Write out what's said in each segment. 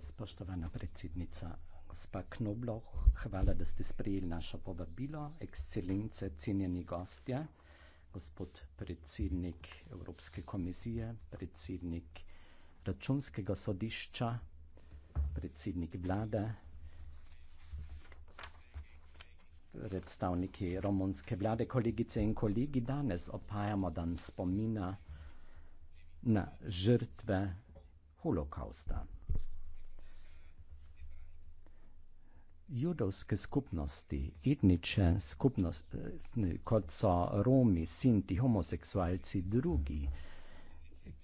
Spoštovana predsednica, gospa Knobloh, hvala, da ste sprejeli naše povabilo, ekscelence, cenjeni gostje, gospod predsednik Evropske komisije, predsednik računskega sodišča, predsednik vlade, predstavniki romunske vlade, kolegice in kolegi, danes opajamo dan spomina na žrtve holokausta. Judovske skupnosti, etnične skupnosti, kot so Romi, Sinti, homoseksualci, drugi,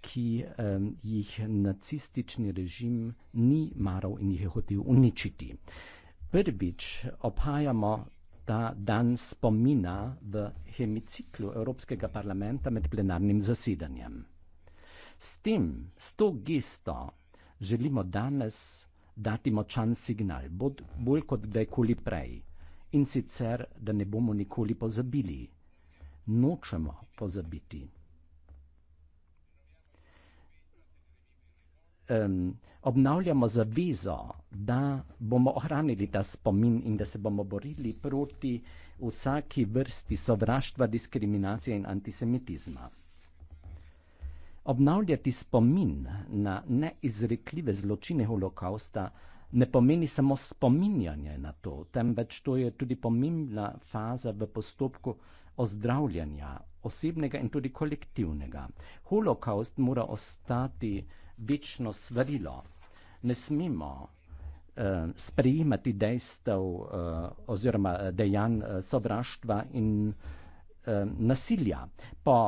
ki um, jih nacistični režim ni maral in jih je hotel uničiti. Prvič obhajamo ta dan spomina v hemiciklu Evropskega parlamenta med plenarnim zasedanjem. S tem, s to gesto želimo danes dati močan signal, bod, bolj kot kdajkoli prej. In sicer, da ne bomo nikoli pozabili, nočemo pozabiti. Um, obnavljamo zavezo, da bomo ohranili ta spomin in da se bomo borili proti vsaki vrsti sovraštva, diskriminacije in antisemitizma. Obnavljati spomin na neizrekljive zločine holokausta ne pomeni samo spominjanje na to, temveč to je tudi pomembna faza v postopku ozdravljanja osebnega in tudi kolektivnega. Holokaust mora ostati večno svarilo. Ne smemo eh, sprejemati dejstev eh, oziroma eh, dejanj eh, sovraštva in eh, nasilja. Po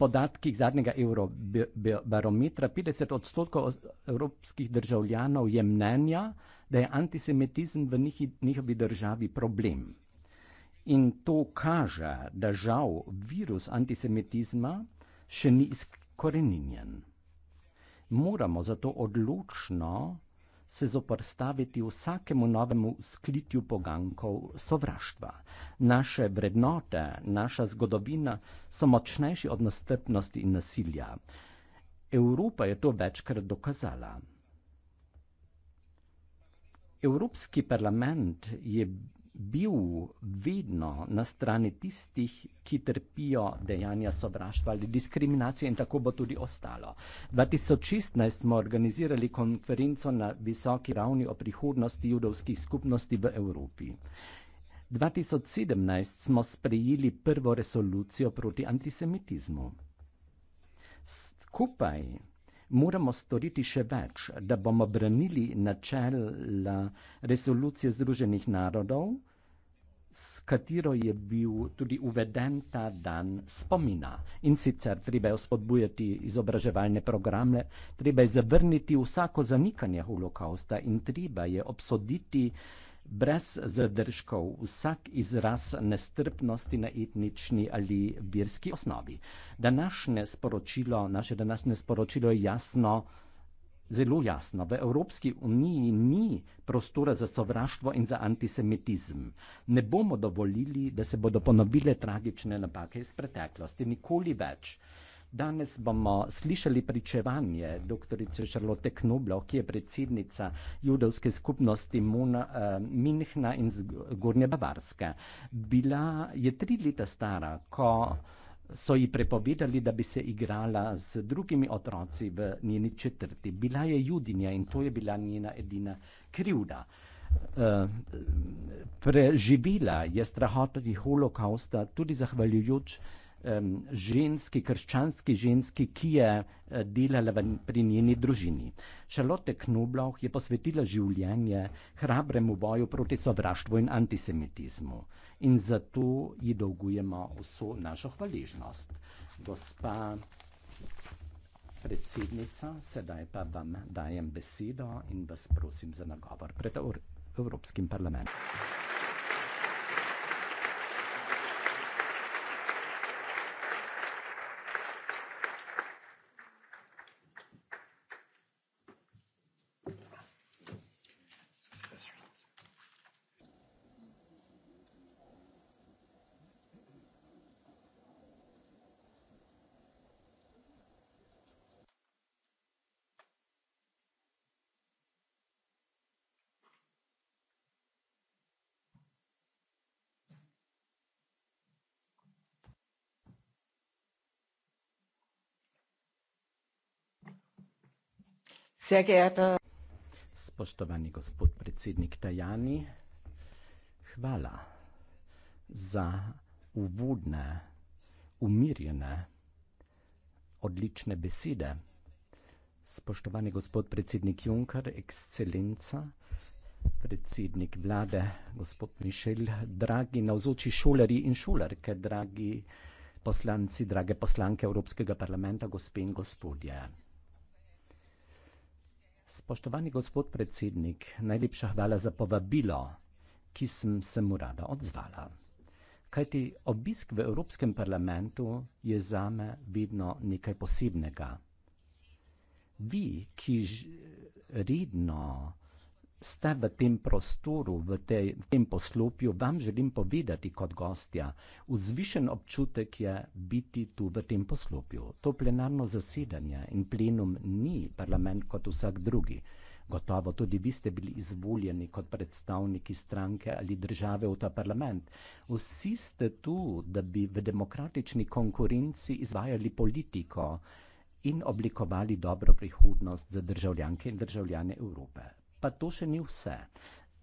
podatkih zadnjega eurobarometra 50 odstotkov evropskih državljanov je mnenja, da je antisemitizem v njihovi državi problem. In to kaže, da žal virus antisemitizma še ni izkoreninjen. Moramo zato odločno se zoprstaviti vsakemu novemu sklitju pogankov sovraštva. Naše vrednote, naša zgodovina so močnejši od nastrpnosti in nasilja. Evropa je to večkrat dokazala. Evropski parlament je bil vedno na strani tistih, ki trpijo dejanja sovraštva ali diskriminacije in tako bo tudi ostalo. 2016 smo organizirali konferenco na visoki ravni o prihodnosti judovskih skupnosti v Evropi. 2017 smo sprejeli prvo resolucijo proti antisemitizmu. Skupaj moramo storiti še več, da bomo branili načela resolucije Združenih narodov, katero je bil tudi uveden ta dan spomina. In sicer treba je spodbujati izobraževalne programe, treba je zavrniti vsako zanikanje holokausta in treba je obsoditi brez zadržkov vsak izraz nestrpnosti na etnični ali verski osnovi. Današnje sporočilo, naše današnje sporočilo je jasno, zelo jasno, v Evropski uniji ni prostora za sovraštvo in za antisemitizem. Ne bomo dovolili, da se bodo ponovile tragične napake iz preteklosti, nikoli več. Danes bomo slišali pričevanje dr. Šarlote Knoblo, ki je predsednica judovske skupnosti Mona, uh, Minhna in Gornje Bavarske. Bila je tri leta stara, ko so ji prepovedali, da bi se igrala z drugimi otroci v njeni četrti. Bila je judinja in to je bila njena edina krivda. Eh, preživela je strahotni holokausta tudi zahvaljujoč um, ženski, krščanski ženski, ki je uh, delala v, pri njeni družini. Šalote Knubloh je posvetila življenje hrabremu boju proti sovraštvu in antisemitizmu. In zato ji dolgujemo vso našo hvaležnost. Gospa predsednica, sedaj pa vam dajem besedo in vas prosim za nagovor pred Evropskim parlamentom. Sehr geehrter. Spoštovani gospod predsednik Tajani, hvala za uvodne, umirjene, odlične besede. Spoštovani gospod predsednik Juncker, ekscelenca, predsednik vlade, gospod Mišel, dragi navzoči šolari in šolarke, dragi poslanci, drage poslanke Evropskega parlamenta, gospe in gospodje. Spoštovani gospod predsednik, najlepša hvala za povabilo, ki sem se mu rada odzvala. Kajti obisk v Evropskem parlamentu je zame vedno nekaj posebnega. Vi, ki redno ste v tem prostoru, v, tej, v tem poslopju, vam želim povedati kot gostja. Vzvišen občutek je biti tu v tem poslopju. To plenarno zasedanje in plenum ni parlament kot vsak drugi. Gotovo tudi vi ste bili izvoljeni kot predstavniki stranke ali države v ta parlament. Vsi ste tu, da bi v demokratični konkurenci izvajali politiko in oblikovali dobro prihodnost za državljanke in državljane Evrope. Pa to še ni vse.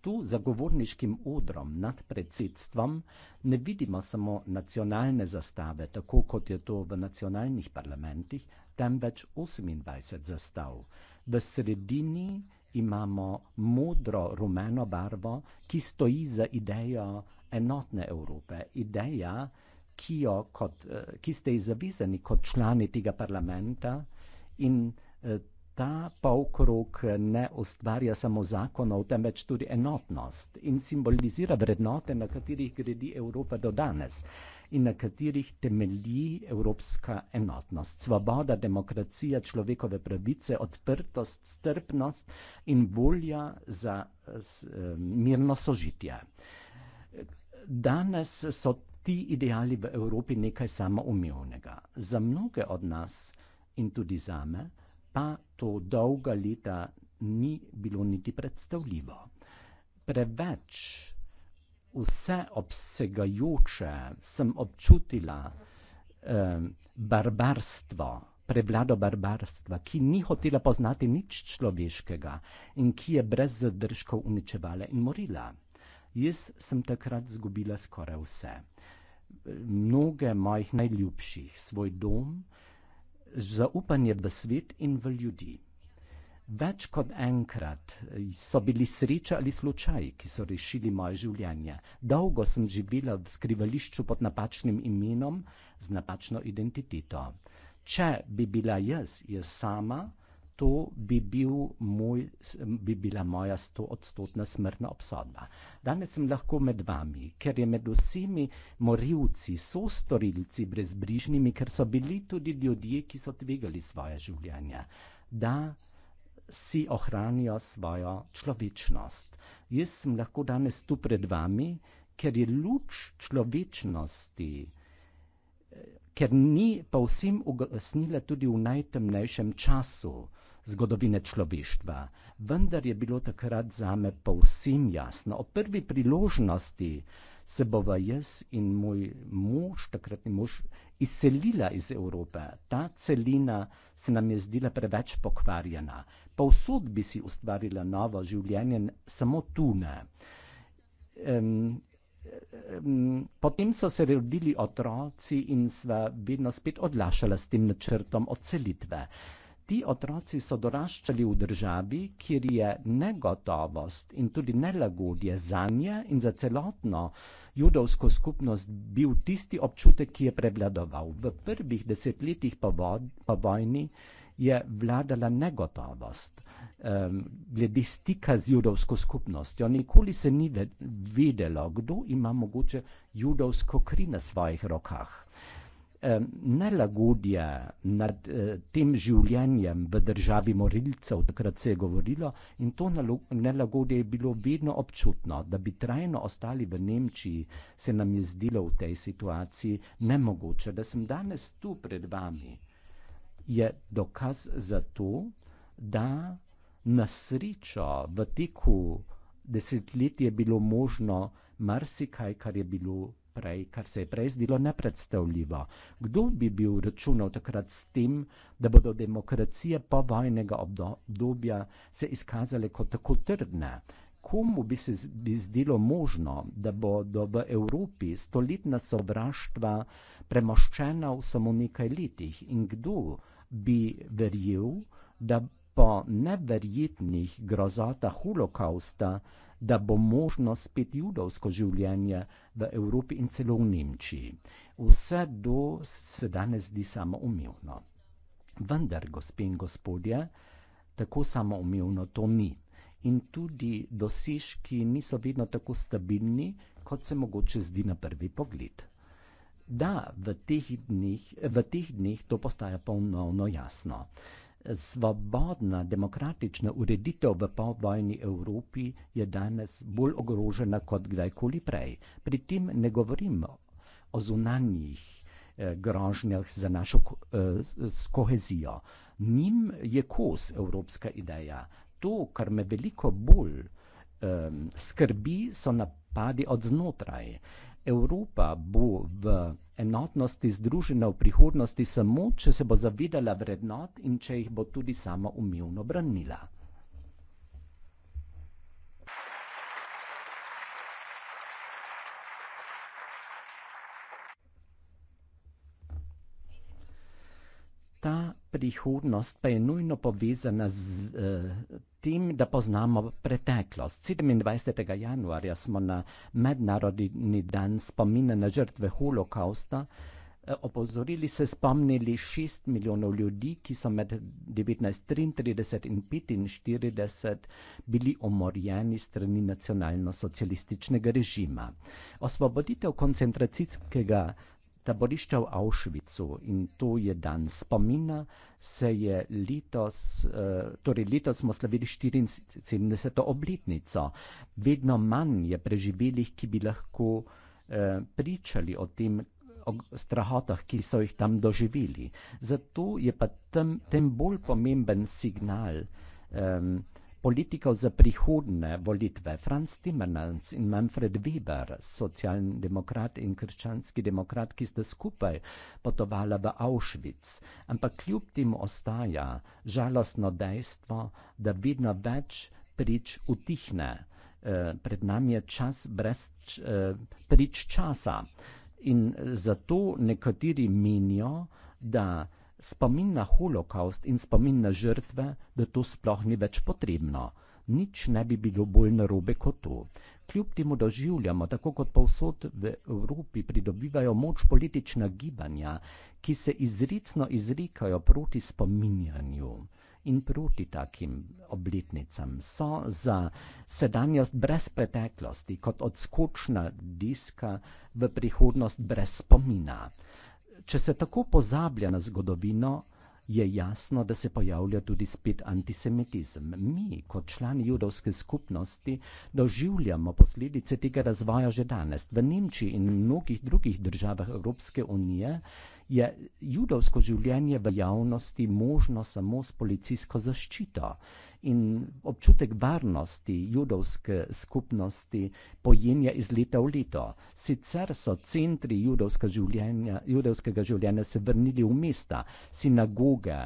Tu za govorniškim odrom nad predsedstvom ne vidimo samo nacionalne zastave, tako kot je to v nacionalnih parlamentih, temveč 28 zastav. V sredini imamo modro-rumeno barvo, ki stoji za idejo enotne Evrope, ideja, ki, jo kot, eh, ki ste ji zavizani kot člani tega parlamenta in eh, ta polkrog ne ustvarja samo zakonov, temveč tudi enotnost in simbolizira vrednote, na katerih gredi Evropa do danes in na katerih temelji evropska enotnost. Svoboda, demokracija, človekove pravice, odprtost, strpnost in volja za s, eh, mirno sožitje. Danes so ti ideali v Evropi nekaj samoumevnega. Za mnoge od nas in tudi za me, pa to dolga leta ni bilo niti predstavljivo. Preveč vseobsegajoče sem občutila eh, barbarstvo, prevlado barbarstva, ki ni hotela poznati nič človeškega in ki je brez zadržkov uničevala in morila. Jaz sem takrat izgubila skoraj vse. Mnoge mojih najljubših, svoj dom, eh, zaupanje v svet in v ljudi. Več kot enkrat eh, so bili sreča ali slučaj, ki so rešili moje življenje. Dolgo sem živela v skrivališču pod napačnim imenom z napačno identiteto. Če bi bila jaz, jaz sama, to bi, bil moj, bi bila moja stoodstotna smrtna obsodba. Danes sem lahko med vami, ker je med vsemi morilci, so storilci brezbrižnimi, ker so bili tudi ljudje, ki so tvegali svoje življenje, da si ohranijo svojo človečnost. Jaz sem lahko danes tu pred vami, ker je luč človečnosti. Eh, ker ni pa vsem ugasnila tudi v najtemnejšem času zgodovine človeštva. Vendar je bilo takrat zame povsem jasno, o prvi priložnosti se bova jaz in moj mož, takratni mož, izselila iz Evrope. Ta celina se nam je zdela preveč pokvarjena. Povsod bi si ustvarila novo življenje, samo tu ne. Um, Potem so se rodili otroci in sva vedno spet odlašala s tem načrtom odselitve ti otroci so doraščali v državi, kjer je negotovost in tudi nelagodje za nje in za celotno judovsko skupnost bil tisti občutek, ki je prevladoval. V prvih desetletjih po, vo po vojni je vladala negotovost um, glede stika z judovsko skupnostjo. Nikoli se ni vedelo, kdo ima mogoče judovsko kri na svojih rokah. Eh, nelagodje nad eh, tem življenjem v državi morilcev, takrat se je govorilo, in to nelagodje je bilo vedno občutno, da bi trajno ostali v Nemčiji, se nam je zdelo v tej situaciji nemogoče. Da sem danes tu pred vami, je dokaz za to, da na srečo v teku desetletij je bilo možno marsikaj, kar je bilo naprej, kar se je prej zdelo nepredstavljivo. Kdo bi bil računal takrat s tem, da bodo demokracije po vojnega obdobja se izkazale kot tako trdne? Komu bi se bi zdelo možno, da bodo v Evropi stoletna sovraštva premoščena v samo nekaj letih in kdo bi verjel, da po neverjetnih grozotah holokausta da bo možno spet judovsko življenje v Evropi in celo v Nemčiji. Vse do se danes zdi samoumevno. Vendar, gospe in gospodje, tako samoumevno to ni. In tudi dosežki niso vedno tako stabilni, kot se mogoče zdi na prvi pogled. Da, v teh dneh, v teh dneh to postaja ponovno jasno. Uh, Svobodna demokratična ureditev v povojni Evropi je danes bolj ogrožena kot kdajkoli prej. Pri tem ne govorimo o zunanjih eh, grožnjah za našo eh, kohezijo. Njim je kos evropska ideja. To, kar me veliko bolj eh, skrbi, so napadi od znotraj. Evropa bo v enotnosti združena v prihodnosti samo, če se bo zavedala vrednot in če jih bo tudi sama umevno branila. Ta prihodnost pa je nujno povezana z eh, tem, da poznamo preteklost. 27. januarja smo na Mednarodni dan spomina na žrtve holokausta eh, opozorili se spomnili 6 milijonov ljudi, ki so med 1933 in 1945 bili omorjeni strani nacionalno-socialističnega režima. Osvoboditev koncentracijskega taborišča v Auschwitzu in to je dan spomina, se je letos, eh, torej letos smo slavili 74. obletnico. Vedno manj je preživelih, ki bi lahko eh, pričali o tem, o strahotah, ki so jih tam doživeli. Zato je pa tem, tem bolj pomemben signal. Um, politikov za prihodne volitve. Franz Timmermans in Manfred Weber, socialni demokrat in krščanski demokrat, ki sta skupaj potovala v Auschwitz, ampak kljub tem ostaja žalostno dejstvo, da vedno več prič utihne. Eh, pred nami je čas brez eh, prič časa. In zato nekateri menijo, da spomin na holokaust in spomin na žrtve, da to sploh ni več potrebno. Nič ne bi bilo bolj narobe kot to. Kljub temu doživljamo, tako kot povsod v Evropi pridobivajo moč politična gibanja, ki se izricno izrikajo proti spominjanju in proti takim obletnicam, so za sedanjost brez preteklosti, kot odskočna diska v prihodnost brez spomina če se tako pozablja na zgodovino, je jasno, da se pojavlja tudi spet antisemitizem. Mi, kot člani judovske skupnosti, doživljamo posledice tega razvoja že danes. V Nemčiji in mnogih drugih državah Evropske unije je judovsko življenje v javnosti možno samo s policijsko zaščito. In občutek varnosti judovske skupnosti pojenja iz leta v leto. Sicer so centri življenja, judovskega življenja se vrnili v mesta, sinagoge,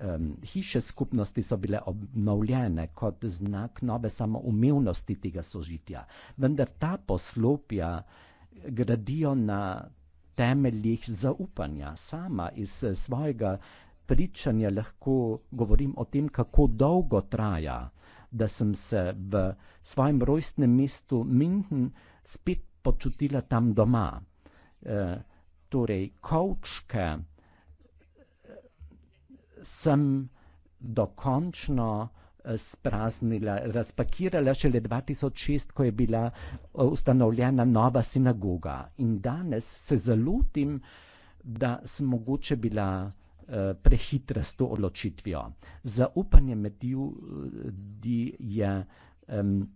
um, hiše skupnosti so bile obnovljene kot znak nove samoumevnosti tega sožitja. Vendar ta poslopja gradijo na temeljih zaupanja. Sama iz eh, svojega pričanja lahko govorim o tem, kako dolgo traja, da sem se v svojem rojstnem mestu Minhen spet počutila tam doma. E, torej, kočke eh, sem dokončno spraznila, razpakirala šele 2006, ko je bila eh, ustanovljena nova sinagoga. In danes se zalutim, da sem mogoče bila eh, prehitra s to odločitvijo. Zaupanje med ljudi eh, je um,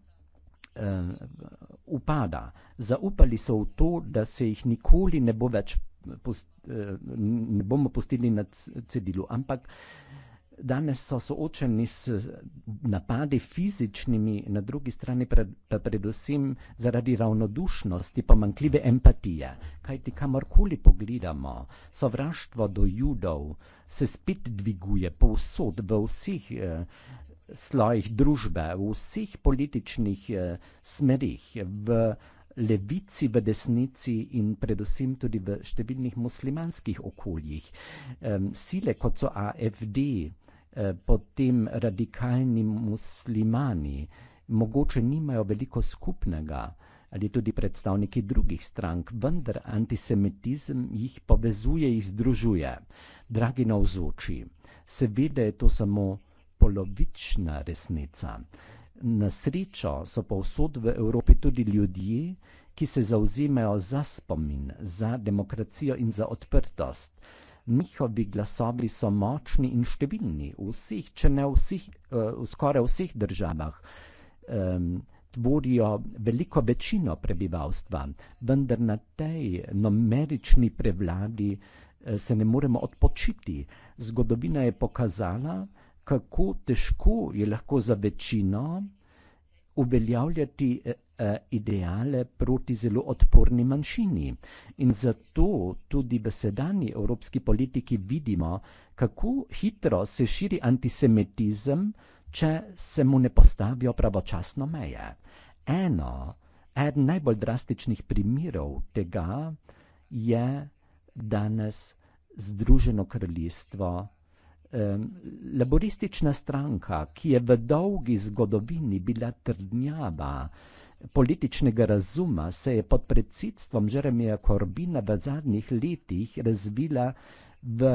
um, upada. Zaupali so v to, da se jih nikoli ne bo več, post, ne bomo postili na cedilu, ampak uh, Danes so soočeni s eh, napadi fizičnimi, na drugi strani pa predvsem zaradi ravnodušnosti, pomankljive empatije. Kaj ti kamorkoli pogledamo, sovraštvo do judov se spet dviguje povsod, v vseh eh, slojih družbe, v vseh političnih eh, smerih, v levici, v desnici in predvsem tudi v številnih muslimanskih okoljih. Eh, sile kot so AFD, Eh, potem radikalni muslimani mogoče nimajo veliko skupnega ali tudi predstavniki drugih strank, vendar antisemitizem jih povezuje, jih združuje. Dragi navzoči, seveda je to samo polovična resnica. Na srečo so povsod v Evropi tudi ljudje, ki se zauzemajo za spomin, za demokracijo in za odprtost njihovi glasovi so močni in številni v vseh, če ne vseh, v eh, skoraj vseh državah. Um, Tvorijo veliko večino prebivalstva, vendar na tej numerični prevladi eh, se ne moremo odpočiti. Zgodovina je pokazala, kako težko je lahko za večino uveljavljati eh, eh, ideale proti zelo odporni manjšini. In zato tudi v sedanji evropski politiki vidimo, kako hitro se širi antisemitizem, če se mu ne postavijo pravočasno meje. Eno, eden najbolj drastičnih primerov tega je danes Združeno kraljestvo Laboristična stranka, ki je v dolgi zgodovini bila trdnjava političnega razuma, se je pod predsedstvom Žeremija Korbina v zadnjih letih razvila v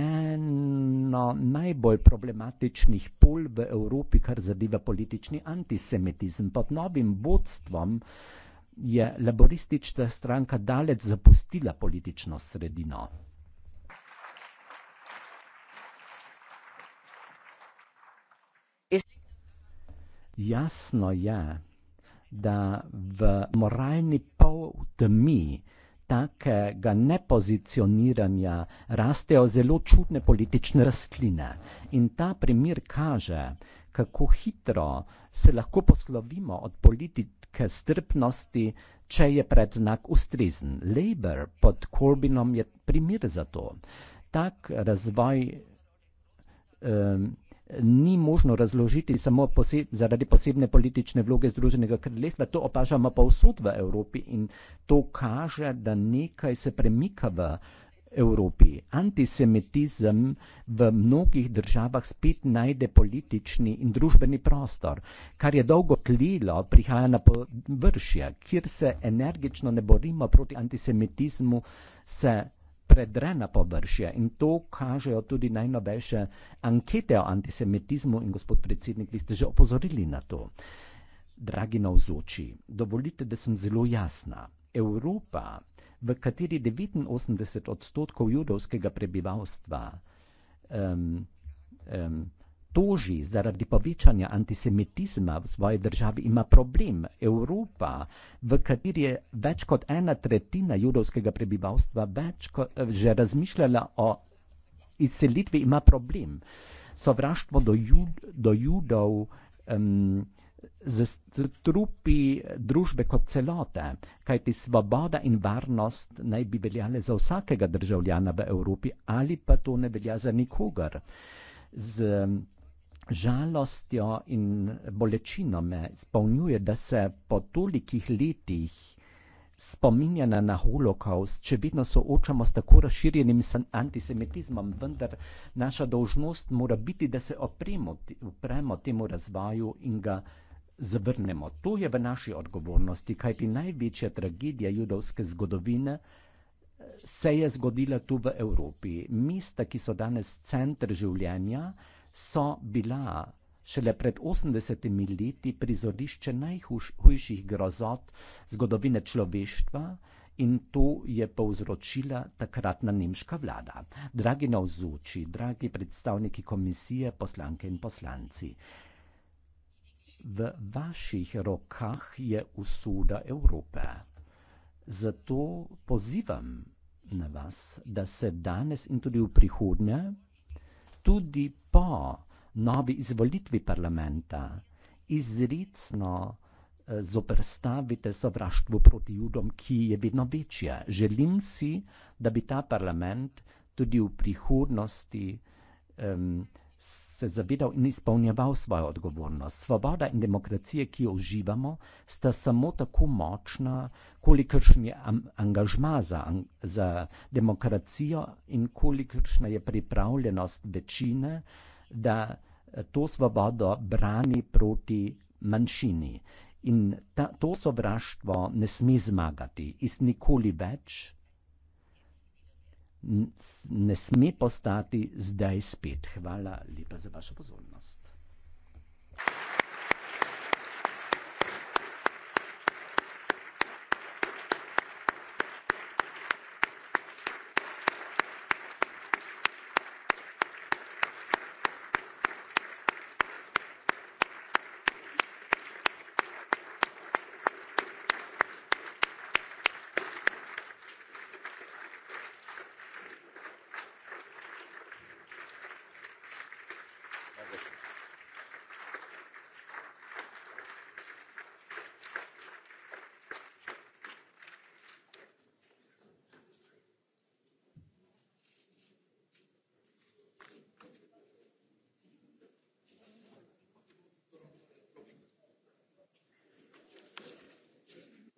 eno najbolj problematičnih pol v Evropi, kar zadeva politični antisemitizem. Pod novim vodstvom je laboristična stranka daleč zapustila politično sredino. jasno je, da v moralni poltmi takega nepozicioniranja rastejo zelo čudne politične rastline. In ta primer kaže, kako hitro se lahko poslovimo od politike strpnosti, če je predznak ustrezen. Labour pod Corbynom je primer za to. Tak razvoj. Um, ni možno razložiti samo poseb, zaradi posebne politične vloge Združenega kraljestva, to opažamo pa vsod v Evropi in to kaže, da nekaj se premika v Evropi. Antisemitizem v mnogih državah spet najde politični in družbeni prostor, kar je dolgo tlilo, prihaja na površje, kjer se energično ne borimo proti antisemitizmu, se predre na površje in to kažejo tudi najnovejše ankete o antisemitizmu in gospod predsednik, vi ste že opozorili na to. Dragi navzoči, dovolite, da sem zelo jasna. Evropa, v kateri 89 odstotkov judovskega prebivalstva um, um, toži zaradi povečanja antisemitizma v svoji državi, ima problem. Evropa, v kateri je več kot ena tretjina judovskega prebivalstva več kot, eh, že razmišljala o izselitvi, ima problem. Sovraštvo do, jud, do judov um, z trupi družbe kot celote, kajti svoboda in varnost naj bi veljale za vsakega državljana v Evropi, ali pa to ne velja za nikogar. Z, um, žalostjo in bolečino me spomnjuje, da se po tolikih letih spominjanja na holokaust, če vedno soočamo s tako razširjenim antisemitizmom, vendar naša dolžnost mora biti, da se opremo, upremo temu razvoju in ga zavrnemo. To je v naši odgovornosti, kajti največja tragedija judovske zgodovine eh, se je zgodila tu v Evropi. Mesta, ki so danes center življenja, so bila šele pred 80 leti prizorišče najhujših grozot zgodovine človeštva in to je povzročila takratna nemška vlada. Dragi navzoči, dragi predstavniki komisije, poslanke in poslanci, v vaših rokah je usuda Evrope. Zato pozivam na vas, da se danes in tudi v prihodnje tudi po novi izvolitvi parlamenta izrecno eh, zoprstavite sovraštvu proti judom, ki je vedno večje. Želim si, da bi ta parlament tudi v prihodnosti um, se zavedal in izpolnjeval svojo odgovornost. Svoboda in demokracija, ki jo uživamo, sta samo tako močna, kolikršen je angažma za, za demokracijo in kolikršna je pripravljenost večine, da to svobodo brani proti manjšini. In ta, to sovraštvo ne sme zmagati, iz nikoli več ne sme postati zdaj spet. Hvala lepa za vašo pozornost.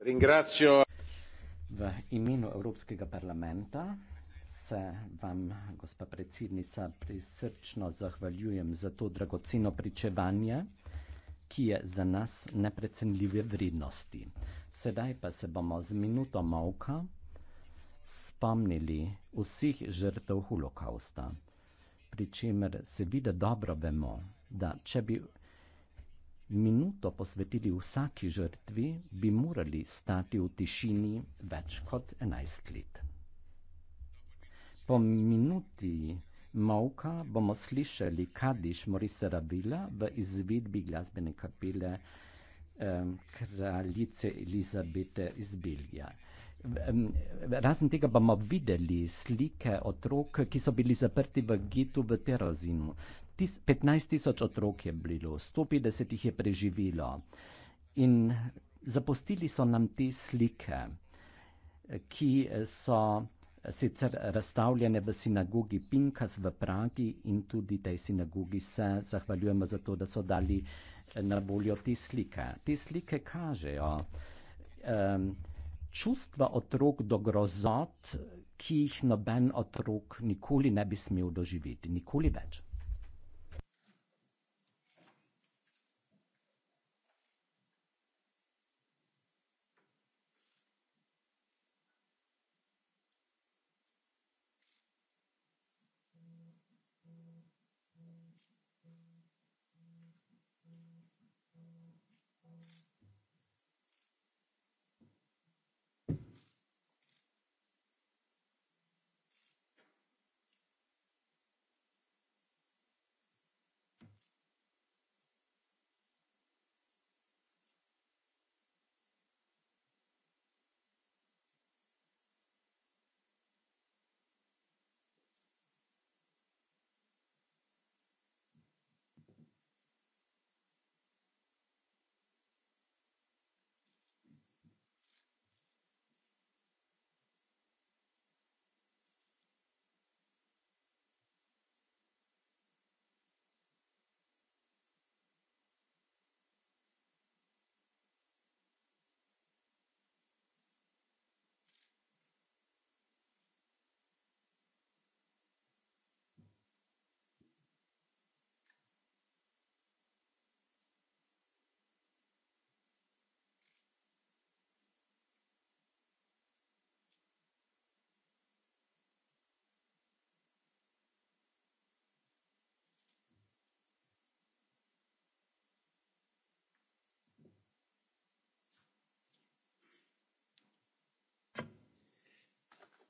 Ringrazio. V imenu Evropskega parlamenta se vam, gospa predsednica, prisrčno zahvaljujem za to dragoceno pričevanje, ki je za nas neprecenljive vrednosti. Sedaj pa se bomo z minuto molka spomnili vseh žrtev holokausta, pri čemer seveda dobro vemo, da če bi minuto posvetili vsaki žrtvi, bi morali stati v tišini več kot 11 let. Po minuti Mavka bomo slišali Kadiš Morisa Rabila v izvedbi glasbene kapele eh, kraljice Elizabete iz Belgije. Razen tega bomo videli slike otrok, ki so bili zaprti v getu v Terazinu. 15 tisoč otrok je bilo, 150 jih je preživilo. In zapustili so nam te slike, ki so sicer razstavljene v sinagogi Pinkas v Pragi in tudi tej sinagogi se zahvaljujemo za to, da so dali eh, na voljo te slike. Te slike kažejo. Um, čustva otrok do grozot, ki jih noben otrok nikoli ne bi smel doživeti, nikoli več.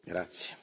grazie.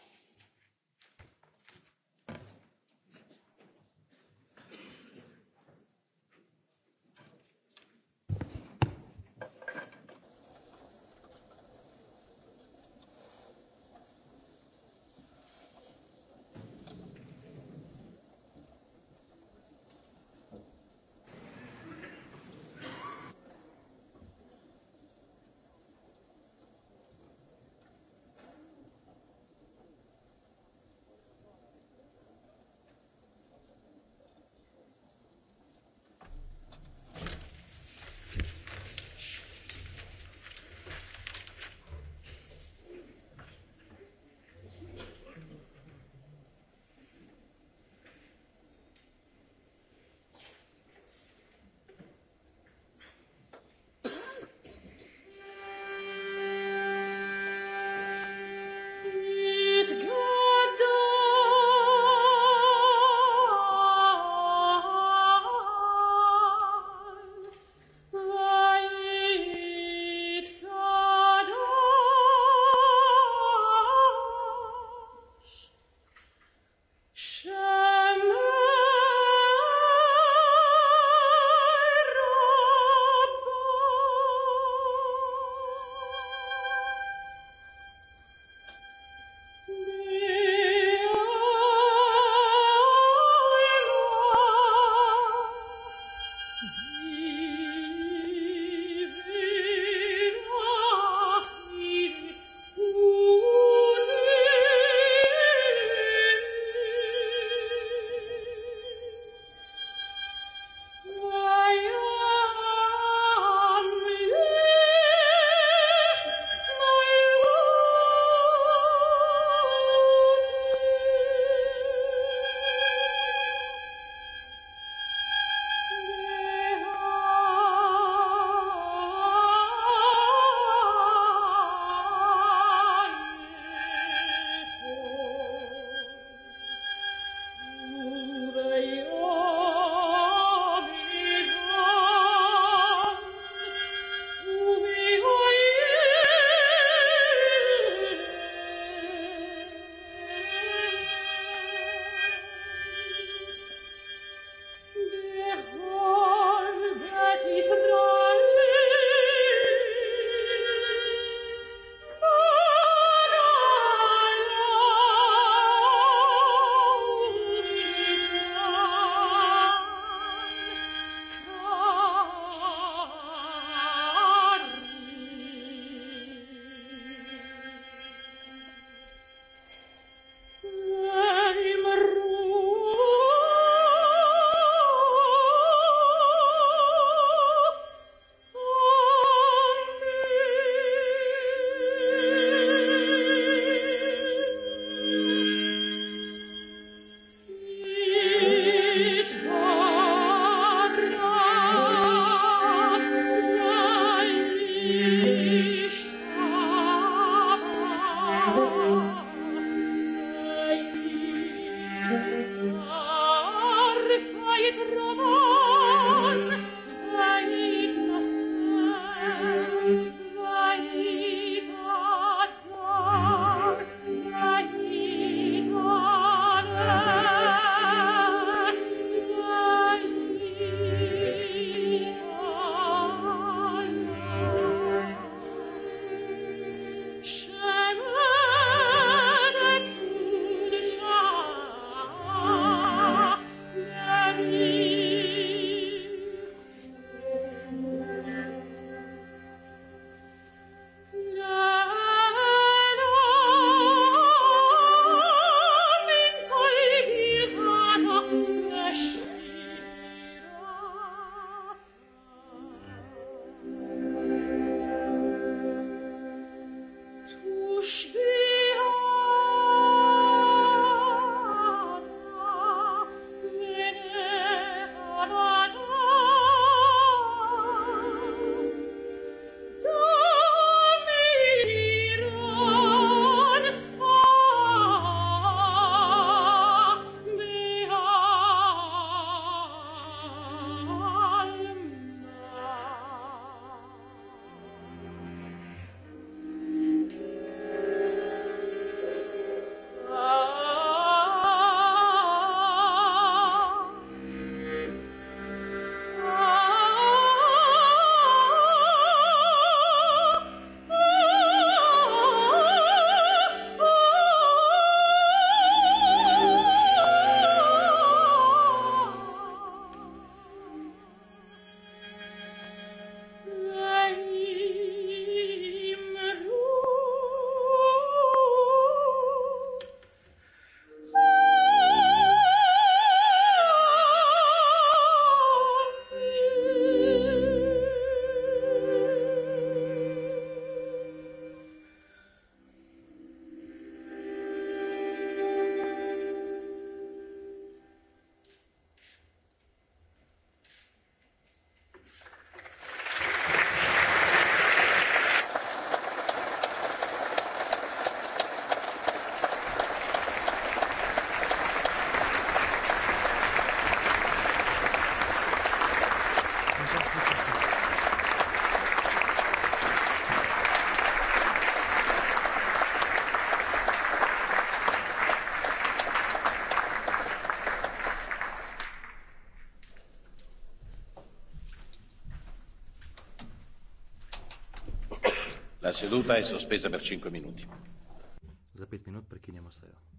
La seduta è e sospesa per 5 minuti. Za 5 minut prekinjamo sejo.